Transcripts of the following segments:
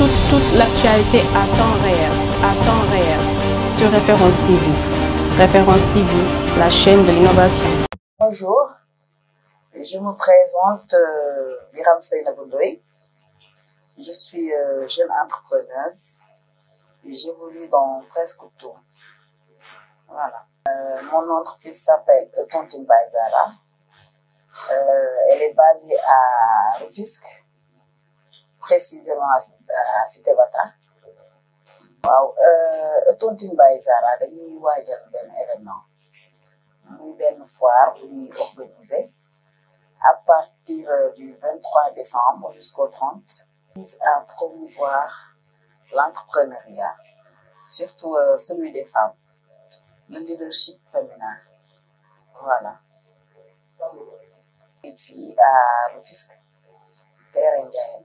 toute, l'actualité à temps réel, à temps réel, sur Référence TV. Référence TV, la chaîne de l'innovation. Bonjour, je me présente Miram euh, Miram Je suis euh, jeune entrepreneuse et j'évolue dans presque tout. Voilà. Euh, mon entreprise s'appelle Tontin Bazara. elle est basée à Rufisque précisément à Cité Bata hein. waaw euh, tontine Il Zara a eu un événement Une benn foire bu est organisé à partir du 23 décembre jusqu'au 30 vise à promouvoir l'entrepreneuriat surtout euh, celui des femmes le leadership féminin voilà et puis à Rufisque Père Ndiayène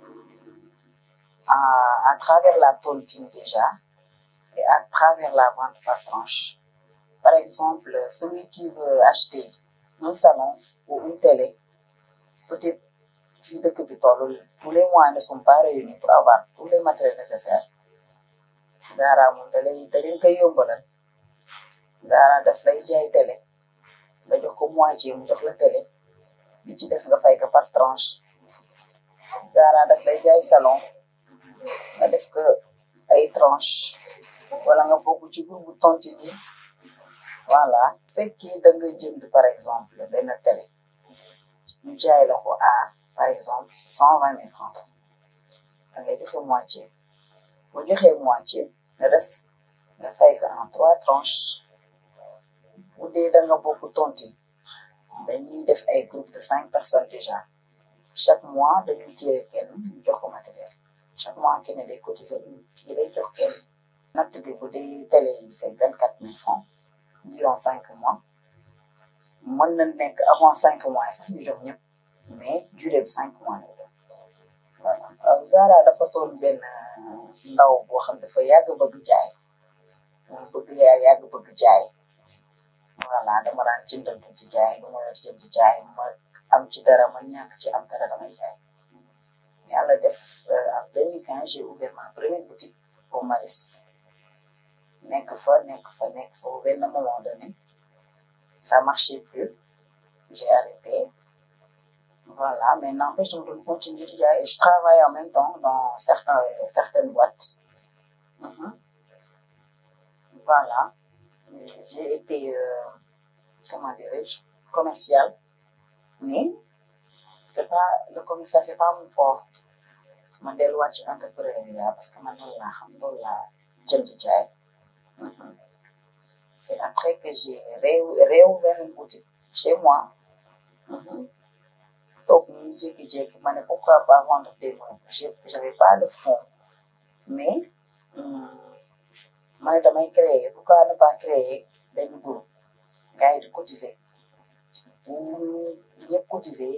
à, à travers la tontine déjà et à travers la vente par tranche. Par exemple, celui qui veut acheter un salon ou une télé, peut-être tous les mois ne sont pas réunis pour avoir tous les matériels nécessaires. Zara mon télé il dañ koy yombalal Zara daf lay jaay télé nga jox ko moitié mu jox la télé li ci des nga fay que par tranche Zara de lay jaay salon nga def ko ay tranche wala nga bokk ci groupe tonti bi voilà fekkee da nga jënd par exemple benn télé ñu jaay la ko à par exemple cent vingt mille francs da ngay joxe moitié boo joxee moitié reste nga fay ko en trois tranches bu dee da nga bokk tonti dañuy def ay groupe de cinq personnes déjà chaque mois dañuy tirer kenn ñu jox ko matériel chaque mois kenn day cotiser lu kii day bi bu dee télé yi c'est quatre mille francs ñu cinq mois mën na nekk avant cinq mois sax ñu jox ñëpp mais bi cinq mois lay doon voilà euh, Zara dafa toon benn euh, ndaw boo xam dafa yàgg bëgg jaay mu bëgg yaa yàgg bëgg jaay voilà dama daan jëndal di ma yor jënd jaay ma am ci ma ñàkk ci am dara damay Euh, en 2015 j'ai ouvert ma première boutique au Maris fois, fa fois, fa fois fa au un moment donné ça marchait plus j'ai arrêté voilà maintenant je continue. continuer et je travaille en même temps dans certains certaines boîtes mhm. voilà j'ai été euh, comment dirais-je commercial mais c'est pas le commissaire c'est pas mon fort ma delluwaat un entrepreneur parce que suis loolu laa xam loolu mhm. c'est après que j'ai réouvert une boutique chez moi donc ñu dit que ma ne pourquoi pas vendre des Je n'avais pas le fond mais hmm, ma ne damay créer pourquoi ne pas créer un groupe gars yi di cotiser bu cotiser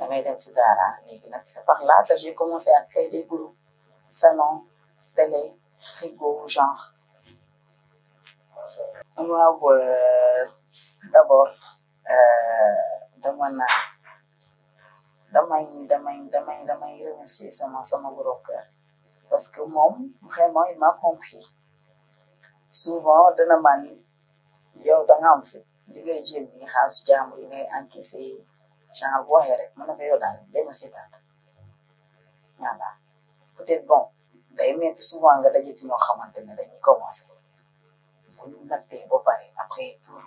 Ah, par là j'ai commencé à créer des groupes salon télé frigo genre euh, d'abord je Demain, demain, demain, parce que moi, vraiment il m'a compris souvent de la manière il nga am il est me jël nii il genre bu waxee rek mën na ko yow daal day ma seetaan voilà peut-être bon souvent nga daje ci ñoo xamante ne dañuy commencé bu ñu pare après pour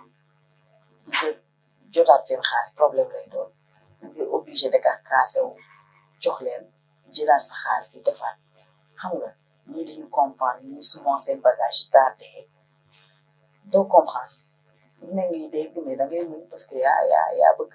nga jotaat seen problème lay doon nga obligé de ka kaase wu jox leen jëlaat sa xaalis di defaat xam nga ñii dañu comprendre ñii souvent seen bagage yi tardé doo comprendre ñu ne lii parce que ya yaa ya bëgg.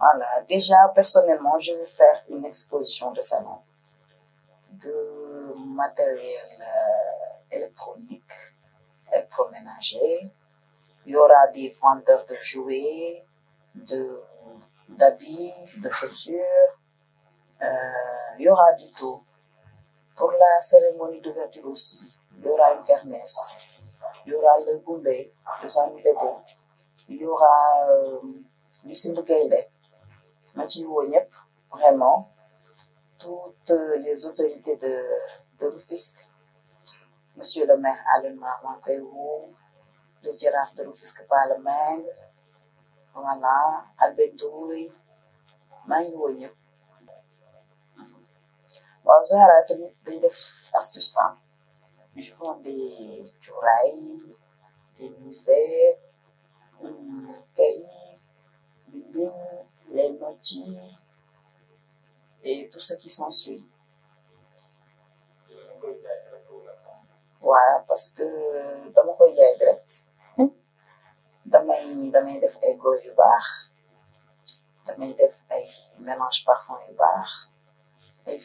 voilà déjà personnellement je vais faire une exposition de salon de matériel. Euh, électronique, électroménager. Il y aura des vendeurs de jouets, de, d'habits, de chaussures. Euh, il y aura du tout. Pour la cérémonie d'ouverture aussi, il y aura une kermesse. Il y aura le boulet de Samuel Il y aura euh, Mathieu Vraiment, toutes les autorités de, de monsieur le maire Alioune Mar le jaraaf de l'office pas le maire voilà Albert Ndoye maa ngi woo ñëpp waaw Zahra tamit astuces def je vends des cuuraay des nuisettes des bibine les noci et tout ce qui s'ensuit parce que dama koy jaay direct hmm. damay damay def ay yu baax damay def ay mélange parfum yu baax ay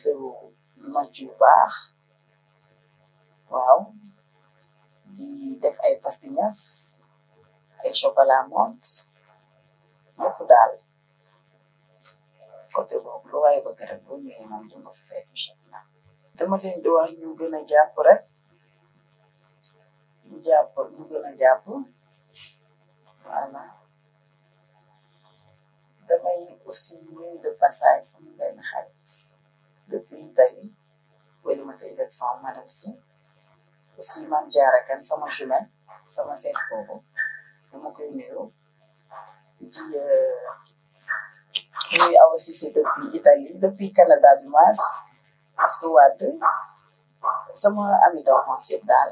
yu baax waaw di def ay ay chocolat mont daal côté boobu lu waaye ñëwee moom ñu gën a rek ñu jàpp ñu gën a jàpp voilà damay aussi nuyu de passage sama benn xarit depuis Italie wala ma koy sama madame si aussi maam Jaara Kan sama jumelle sama seet boobu dama koy nuyu di euh, nuyu Awa Cissé depuis Italie depuis Canada du mas Astou Wade sama ami d'enfance daal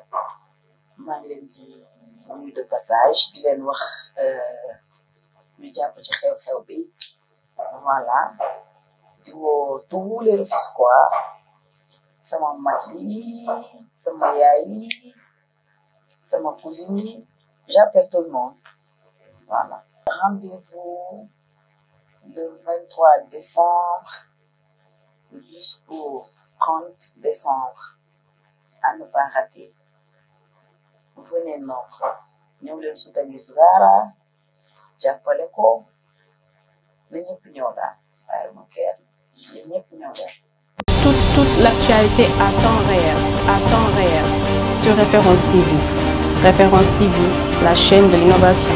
maa ngi de passage je leen wax euh, ñu jàpp ci xew-xew bi voilà di woo tous les c'est sama mari, c'est ça ma c'est ma cousine j'appelle tout le monde voilà. rendez-vous le 23 décembre jusqu'au 30 décembre à ne pas rater fu ngeen ma wax ñëw leen soutenir Zahra jàppale ko na ñëpp ñëw toute toute l'actualité à temps réel à temps réel sur Référence TV Référence TV la chaîne de l'innovation.